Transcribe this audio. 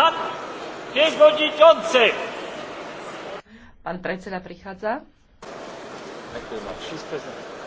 kde Pan przewodniczący! Pán predseda prichádza. Ďakujem.